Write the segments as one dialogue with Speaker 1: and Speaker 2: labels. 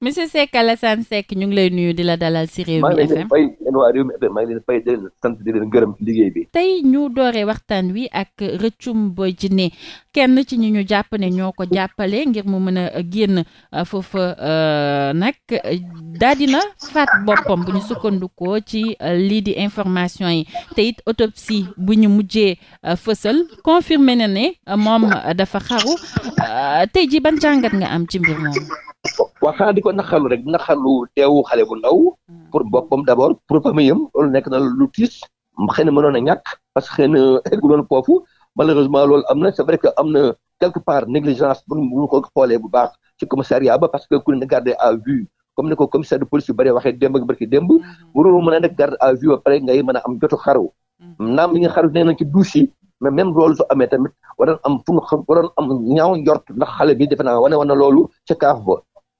Speaker 1: monsieur Seck Alassane Seck ñu ngi lay nuyu di la dalal ci Rewmi FM tey ñu doore waxtaan wi ak Rëccum Boy Djiné kenn ci ñi ñu jàpp ne ñoo ko jàppale ngir mu mën a génn euh, foofa euh, nag daal faat boppam bu ñu sukkandikoo ci euh, lii di information yi te it autopsie bu ñu mujjee fësal confirmé na ne moom dafa xaru tey ji ban jàngat nga am ci mbir moomu. waaw xanaa di
Speaker 2: ko naqarlu rek naqarlu teewu xale bu ndaw hmm. pour boppam d' abord pour famille am loolu nekk na lu tiis xëy na mënoon a ñàkk parce que xëy na eggu doon malheureusement loolu am na c' bu ba parce que ku ne gardé à vue comme ko commissaire de police yu bëri waxee démb ak barki démb hmm. waroo mën a nekk garde ba ngay mën a am jotu xaru hmm. naam li nga xaru nee nañ ci douche yi mais même loolu su amee tamit waroon am fu mu ndax xale bi defe wane wane loolu ca kaaf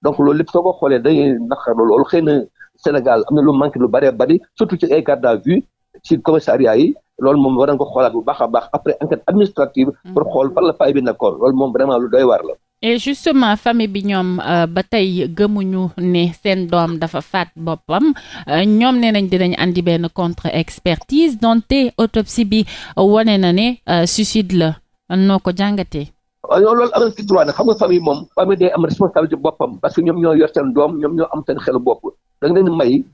Speaker 2: donc loolu lépp soo ko xoolee day naqar loolu xëy na Sénégal am na lu manqué lu bëree bari surtout ci ay garde à vue ci commissariat yi loolu moom war nañ ko xoolaat bu baax a baax après enquête administrative mm-hmm. pour xool fan la fay bi nekkoon loolu moom vraiment lu doy waar la
Speaker 1: et justement famille bi ñoom euh, ba tey gëmuñu ne seen doom dafa faat boppam euh, ñoom nee nañ dinañ indi benn contre expertise donte autopsie bi wane na ne euh, suicide la noo ko jàngatee
Speaker 2: loolu am na ci droit nag xam nga famille moom famille day am responsabilité boppam parce que ñoom ñoo yor seen doom ñoom ñoo am seen xelu bopp da nga leen may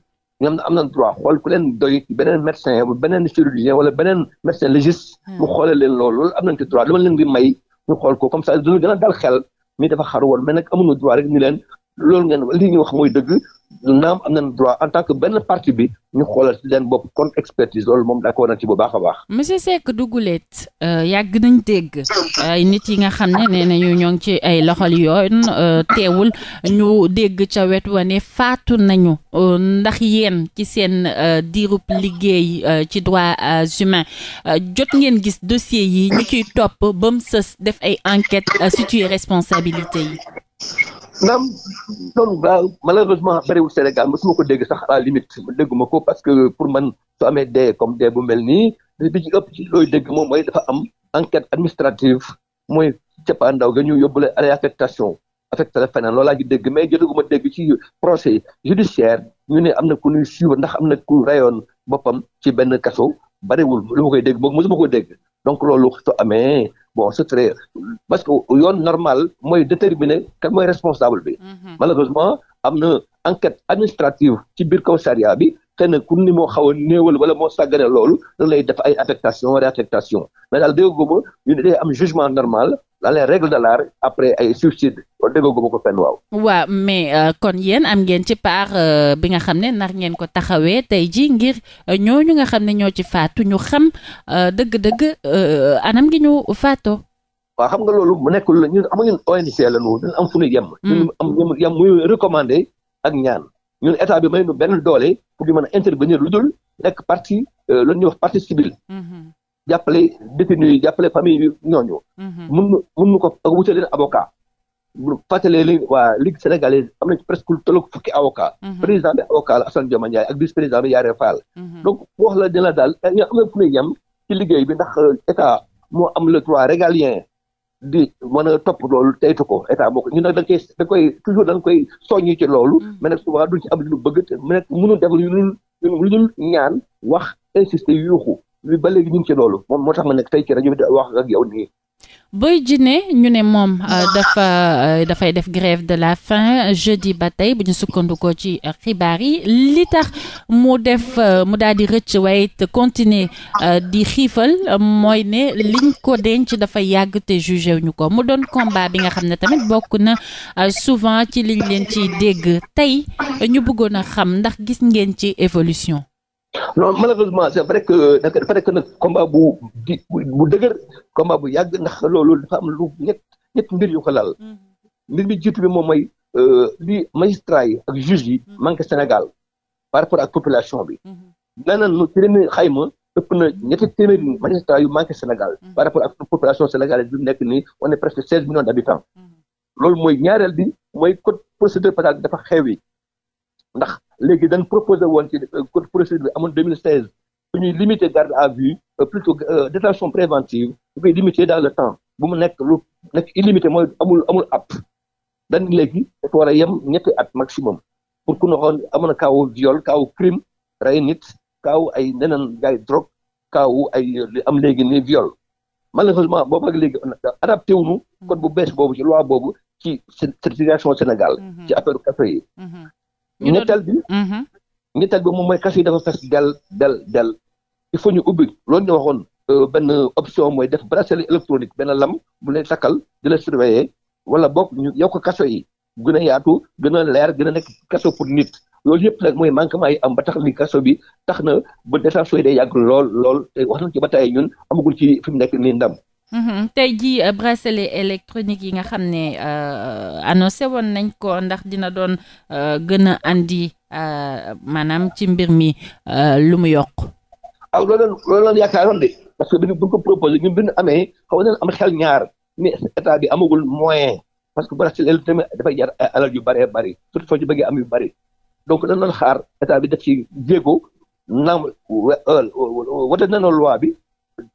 Speaker 2: ñoom am na droit xool ku leen doy beneen médecin wala beneen chirurgien wala beneen médecin légiste hmm. mu xoolee leen loolu am nañ ci droit dama leen di may ñu xool ko comme ça dañu gën a dal xel ni dafa xaru woon mais nag amuñu droit rek loolu ngeen ñu wax mooy dëgg naam am nañ droit en tant que benn parti bi ñu xoolal ci leen bopp contre expertise loolu moom d'accord nañ ci bu baax a baax.
Speaker 1: monsieur Seck Dougoulette euh, yàgg nañ dégg nit yi nga xam ne nee nañu ñoo ci ay loxol yoon euh, teewul ñu dégg ca wet wane faatu nañu euh, ndax yéen ci seen diirub liggéey ci droits humains jot ngeen gis dossier yi ñu ciy topp ba mu sës def ay enquete situer responsabilité yi.
Speaker 2: naam noonu waaw malheureusement bëriwul Sénégal mosuma ko dégg sax à la limite dégguma ko parce que pour man su amee dee comme dee bu mel nii bi ci ëpp ci looy dégg moom mooy dafa am enquête administrative mooy cappaandaw ga ñu yóbbule réaffectation affecté la feneen loolaa ji dégg mais jotaguma dégg ci procès judiciaire ñu ne am na ku ñuy suivre ndax am na ku rayoon boppam ci benn kasso bëriwul lu ma koy dégg boog mosuma ko dégg donc loolu soo amee bon ce serait parce que yoon normal mooy déterminer kan mooy responsable bi. Mhm. malheureusement am na enquête administrative ci biir commissariat bi xëy ku ni moo xaw a néewal wala moo sàggane loolu da ay affectation réaffectation mais daal dégg nga ñu ne am jugement normal dans les règles de l'art après ay suicide déggaguma ko fenn waaw.
Speaker 1: waaw mais euh, kon yéen am ngeen ci part euh, bi nga xam ne nar ngeen ko taxawee tey ji ngir euh, ñooñu nga xam ne ñoo ci faatu ñu xam dëgg-dëgg anam gi ñu faatoo.
Speaker 2: waaw xam nga loolu mu nekk lu ñun amuñu la ñu ñun am fu ñu yem. Hmm. ñun am yem muy recommandé ak ñaan ñun état bi may nu benn doole pour ñu mën a intervenir lu dul nekk partie loolu ñuy wax partie civile. Mm-hmm. jàppale détenu jàppale famille yi ñooñu. Mm-hmm. mun mun ko wutale avocat. bu fàttalee léegi waa ligue sénégalaise am presque lu tolloog fukki avocat mhm. président bi avocat la Assane Dioma ak vice président bi Yare Fall mhm. donc wax la ne daal ñoo am na fu ñuy yem ci liggéey bi ndax euh, état moo am le droit régalien di mën a topp loolu teytu ko état boo ko ñu nag da koy da koy toujours dañ koy soññi ci loolu mhm. mais nag souvent duñ ci am li bëgg te mu nekk mënu def lu ñaan wax insister yuuxu lu ba léegi ñu ngi ci loolu moo tax ma nekk tey ci rajo bi di gi ak nii
Speaker 1: Boy Djiné ñu ne moom euh, dafa euh, dafay def grève de la faim jeudi ba tey bu ñu sukkandikoo ci xibaar yi li tax mu def euh, mu daal di rëcc waaye it continuer di xiifal mooy ne liñ ko denc dafa yàgg te jugé ñu ko mu doon combat bi nga xam ne tamit bokk na souvent ci liñ leen ci dégg tey ñu bëggoon a xam ndax gis ngeen ci évolution.
Speaker 2: non malheureusement c' est vrai que dafa nekk bu di bu dëgër combat bu yàgg ndax loolu dafa am lu ñett ñett mbir yu ko laal mm-hmm. mbir mi jiitu bi moom mooy euh, li magistrat yi ak juge yi mm-hmm. manqué Sénégal par rapport ak population bi mm-hmm. nee nañu téeméer xayma ëpp na ñetti téeméeri magistrat yu manqué Sénégal par rapport ak population sénégalaise bi nekk nii on est presque seize millions d' habitants loolu mooy ñaareel bi mooy code procédure pénale dafa xewi ndax léegi dañ proposé woon ci euh, code procédure bi amoon 2016 bu ñuy limiter garde à vue euh, plutôt euh, détention préventive bu koy limiter dans le temps bu mu nekk lu nekk illimité mooy amul amul app dañ léegi dafa war a yem ñetti at maximum pour ku noxoon amoon na kaawu viol kaw crime rey nit kaw ay neneen jaay drogue kaawu ay li am léegi ni viol malheureusement boobu ak léegi adapté wuñu code bu bees boobu ci loi boobu ci situation Sénégal mm-hmm. ci affaire café yi
Speaker 1: mm-hmm. ñetteel bi mm-hmm.
Speaker 2: ñetteel bi moom mooy kaso yi dafa fees del del del il faut ñu ubbi loolu ñu waxoon euh, benn option mooy def bracelet électronique benn lam bu lay takkal di la surveiller wala bokk ñu yokk kaso yi gën a yaatu gën a leer gën a nekk kaso pour nit loolu yëpp nag mooy manquement yi am ba tax ni kaso bi tax na ba détention yi day yàgg lool lool te wax nañ ci ba tey ñun amagul ci fi mu nekk nii ndam
Speaker 1: Mm-hmm. tey jii euh, bracelet électronique yi nga xam ne euh, annoncé woon nañ ko ndax dina doon euh, gën a andi maanaam ci mbir mi lu mu yokk.
Speaker 2: waaw ah, loolu loolu lañ yaakaaroon de parce que bu ñu ko proposé ñun bi amee xaw na am xel ñaar mais état bi amagul moyen parce que bracelet électronique dafay jar alal yu bëree bari surtout soo ci bëggee am yu bëri donc dañ doon xaar état bi def ci jéego loi bi.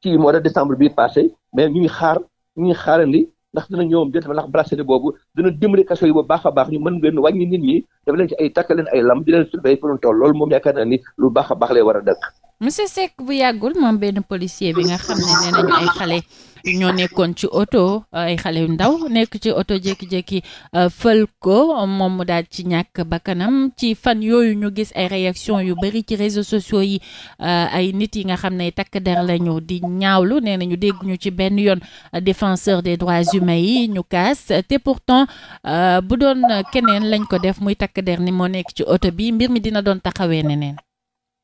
Speaker 2: ci mois de décembre bi passé mais ñu ngi xaar ñu ngi xaarandi ndax dina ñoom jot ndax bracelet boobu dina dimbali kaso yi bu baax a baax ñu mën ngeen wàññi nit ñi def leen ci ay takk leen ay lam di leen surveiller fu ñu loolu moom yaakaar naa ni lu baax a baax lay war a dëkk.
Speaker 1: monsieur Seck bu yàggul moom benn policier bi nga xam ne nee nañu ay xale. ñoo nekkoon ci oto ay xale yu ndaw nekk ci oto jékki-jékki euh, fël ko moom mu daal ci ñàkk bakkanam ci fan yooyu ñu gis ay réaction yu bari ci réseaux sociaux yi euh, ay nit yi nga xam ne takk der lañu di ñaawlu nee na ñu dégg ñu ci benn yoon euh, défenseur des droits humains yi ñu kaas te pourtant bu doon keneen lañ ko def muy takk der ni moo nekk ci oto bi mbir mi dina doon taxawee neneen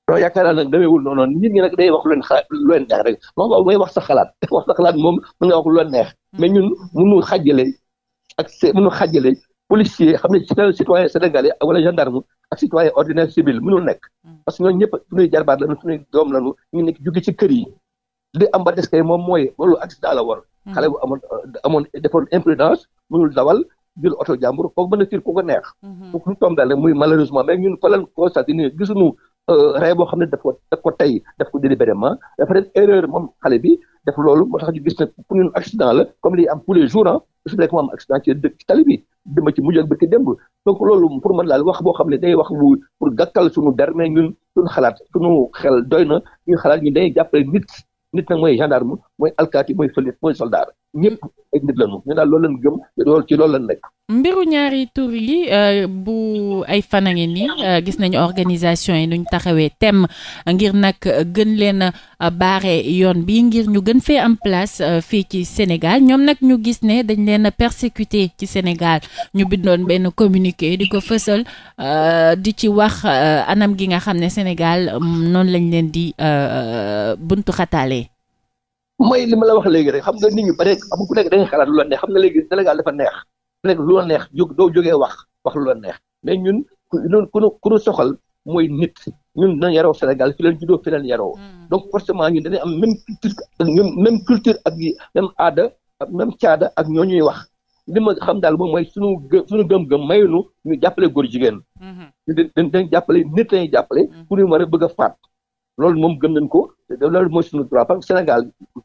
Speaker 2: non yaakaar naa nag demeewul noonu nit ñi nag day wax lu leen xalaat lu leen neex rek wax nga mooy wax sa xalaat wax sa xalaat moom mën nga wax lu leen neex hmm. mais ñun mënu xàjjale ak se mënu xàjjale policier xam ne citoyen citoyen wala gendarme ak citoyen ordinaire civil mënul nekk hmm. parce que ñooñu ñëpp suñuy jarbaat lañu suñuy doom lañu ñu nekk jóge ci kër yi li am ba des kay moom mooy loolu accident la woon hmm. xale bu amoon amoon defoon imprudence mënul dawal jël oto jàmbur a tiir ku ko neex foofu lu tombé rek muy malheureusement mais ñun fa lañ constaté ni gisuñu Euh, rey boo xam ne daf ko daf ko tey daf ko délibérément dafa def erreur moom xale bi def loolu moo tax ñu gis ne pour ñun accident la comme li am tous les jours ah su nekk mu am accident ci dëkk ci tali bi dama ci mujj ak loolu pour man daal wax boo xam ne day wax bu pour gàkkal suñu der mais ñun suñu xalaat suñu xel doy na ñu xalaat ñu day jàppale nit nit nag mooy gendarme mooy alkaati mooy soldat mooy soldat ñëpp ay nit lañu ci loolu lañ
Speaker 1: mbiru ñaari tur yi euh, bu ay fan a euh, gis nañu organisation yi nuñ taxawee temm ngir nag gën leen a baare yoon bi ngir ñu gën fee am place euh, fii ci Sénégal ñoom nag ñu gis ne dañ leen a persécuté ci Sénégal ñu bindoon benn communiqué di ko fësal di ci wax anam gi nga xam ne Sénégal mm, noonu lañ leen di buntu xataale.
Speaker 2: mooy li ma la wax léegi rek xam nga nit ñu ba rek am ku nekk da nga xalaat lu la neex xam nga léegi Sénégal dafa neex rek lu la neex doo jógee wax wax lu la neex mais ñun ku nu ku soxal mooy nit ñun dañu yaroo Sénégal fi leen juddoo fi leen yaroo hmm. donc forcément ñun dañuy am même culture ñun même ak yi même aada même caada ak ñoo ñuy wax li ma xam daal moom mooy sunu gë suñu gëm-gëm mayuñu ñu jàppale góor jigéen. Hmm. dañ dañ jàppale nit a jàppale hmm. ku ñu war a bëgg a faat. loolu moom gëm nañ ko te loolu mooy suñu droit parce Sénégal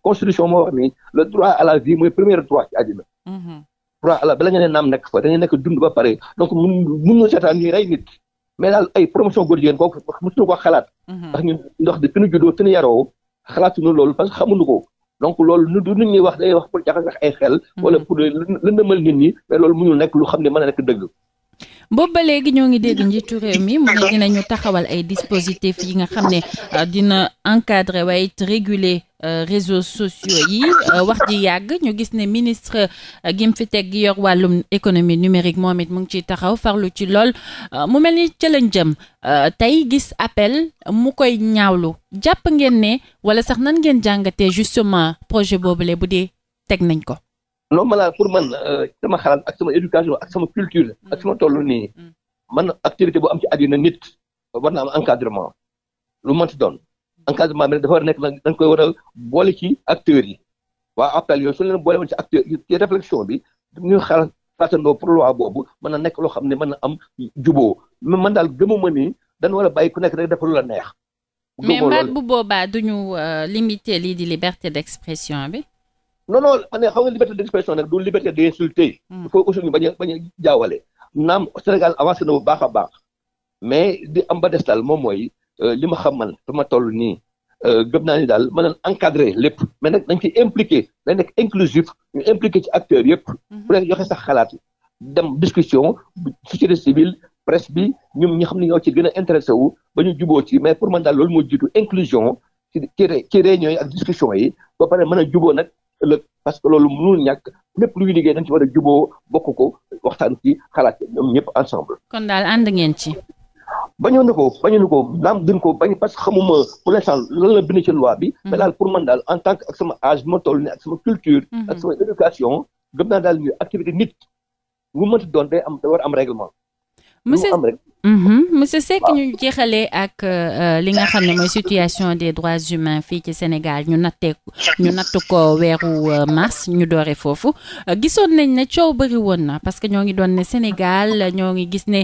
Speaker 2: constitution moo wax ni le droit à la vie mooy premier droit ci àddina. Mhm. droit à la bala nga ne naam nekk fa da nekk dund ba pare donc mun mun na seetaan ñuy rey nit. mais daal ay promotion góor jigéen kooku mësuñu ko xalaat. Mhm. ndax ndox de fi ñu juddoo fi ñu yaroo xalaatuñu loolu parce que xamuñu ko. donc loolu du nit ñi wax day wax pour jaxas ay xel. Mhm. wala pour lëndëmal nit ñi mais loolu mënul nekk lu xam ne mën a nekk
Speaker 1: boobu ba léegi ñoo ngi dégg njiitu réew mi mu ne dinañu taxawal ay dispositif yi nga xam ne euh, dina encadrer waaye it réguler euh, réseaux sociaux yi euh, wax ji yàgg ñu gis ne ministre gim fi teg gi yor wàllum économie numérique moom it mu ngi ciy taxaw farlu ci lool mu mel ni ca lañ jëm tey gis appel mu koy ñaawlu jàpp ngeen ne wala sax nan ngeen jàngatee justement projet boobu le bu dee teg nañ ko
Speaker 2: non malade pour man euh, sama xalaat ak sama éducation ak sama culture mm. ak sama tollu nii mm. man activité boo am ci àddina nit war na am encadrement lu mënti doon mm. encadrement bi dafa war a nekk nag dañ koy war a boole ci acteurs yi waa appel yooyu su leen boole woon ci acteurs ci réflexion bi ñu xalaat fàttandoo pour loi boobu mën a nekk loo xam ne mën na am juboo man daal ma ni dañ war a bàyyi ku nekk rek dafa lu la neex
Speaker 1: mais mbaat bu boobaa duñu euh, limiter lii di liberté d'expression bi non non man xam nga liberté d'expression
Speaker 2: nag du liberté d'insulter. Hmm. il faut aussi ñu bañ a bañ a naam Sénégal avancé na bu baax a baax mais di am ba des daal moom mooy euh, li ma xam man fi toll nii euh, gëm naa ni daal mën encadré encadrer lépp mais nag dañ ciy impliqué dañ nekk inclusif ñu impliqué ci acteurs yëpp. Hmm. ku nekk joxe sax xalaat dem discussion société civile presse bi ñoom ñi xam ne ñoo ci gën a intéressé wu ba ñu juboo ci mais pour man daal loolu moo jiitu inclusion ci ci réunion yi ak discussion yi ba pare mën a juboo nag. parce que loolu mënul ñàkk lépp luy liggéey dañ ci war a juboo bokk ko waxtaan ki xalaat ñoom ñëpp ensemble.
Speaker 1: kon daal ànd ngeen ci.
Speaker 2: bañoon na ko bañoon na ko naam gën ko bañ parce que xamuma pour l'instant lan la bind ci loi bi. Mm-hmm. mais daal pour man daal en tant que ak sama âge ma toll ni ak sama culture. Mm-hmm. ak sama éducation gëm naa daal activité nit mu mënti doon day am da war am règlement.
Speaker 1: monsieur mm-hmm. Seck ñu jeexalee ak euh, euh, li nga xam ne mooy situation des droits humains fii ci Sénégal ñu nattee ñu natt ko weeru euh, mars ñu doore foofu gisoon nañ ne coow bëri woon na parce que ñoo ngi doon ne Sénégal ñoo ngi gis ne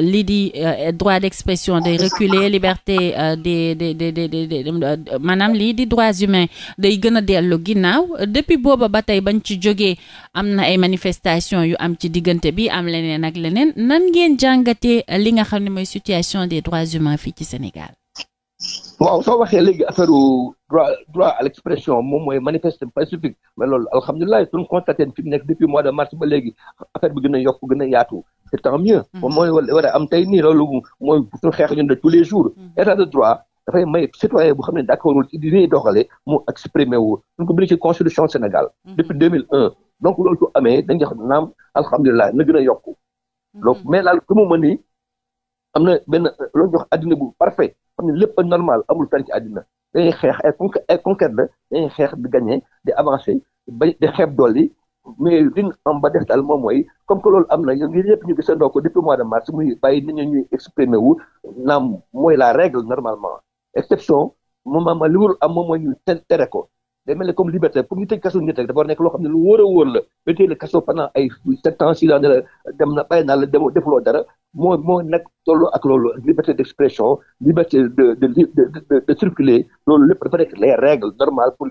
Speaker 1: lii di droit d'expression day reculer liberté de de de des maanaam lii di droits humains day gën a dellu ginnaaw depuis booba ba tey bañ ci jógee am na ay manifestations yu am ci diggante bi am leneen ak leneen nan ngeen jàngatee. li nga xam ne mooy situation des droits humains fii ci Sénégal.
Speaker 2: waaw soo waxee léegi affaire droit à l' moom mooy manifeste pacifique mais loolu alhamdulilah suñu constaté fi mu nekk depuis mois de mars ba léegi affaire bi a yokk gën a yaatu c' est tant mieux. Mm-hmm. moom mooy war a am tey nii loolu mooy suñu xeex ñun tous les jours. Mm-hmm. état de droit dafay citoyen bu xam ne d' accordul ci li doxalee mu exprimer wu suñ ko bind ci constitution Sénégal. Mm-hmm. depuis 2001 donc loolu su a yokku. donc mais am na benn loolu ñuy wax addina bu parfait xam ne lépp normal amul fenn ci addina dañuy xeex ay con ay conquête la dañuy xeex di gagné di avancé di xeeb dool yi mais liñ am ba def daal moom mooy comme que loolu am na yéen ñëpp ñu gisandoo ko depuis mois de mars muy bàyyi nit ñi ñuy exprimer wu naam mooy la règle normalement exception moom maanaam li warul am moom mooy ñu tere ko. day mel ne comme liberté pour ñu tëj kaso nit rek dafa nekk loo xam lu wóor a wóor la ba pendant ay sept ans dem na bàyyi naa la dem dara moo moo nag tolloo ak loolu liberté d' expression liberté de circuler loolu lépp dafa nekk les règles normales pour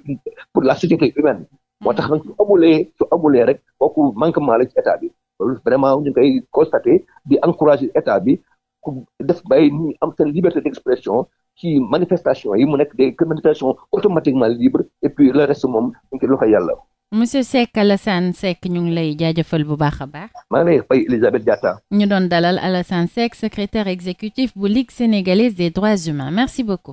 Speaker 2: pour la société humaine moo tax mm. nag su amulee su amulee rek kooku manquement la ci état bi loolu vraiment ñu koy constater di encourager état bi ku def bay ñu am seen liberté d' expression ci manifestation yi mu nekk des manifestations automatiquement libres et puis le reste moom ñu ngi loxo yàlla.
Speaker 1: monsieur Seck Alassane Seck ñu ngi lay jaajëfal bu baax a baax.
Speaker 2: maa ngi lay fay Elisabeth Diatta.
Speaker 1: ñu doon dalal Alassane Seck secrétaire exécutif bu Ligue sénégalaise des droits humains merci beaucoup.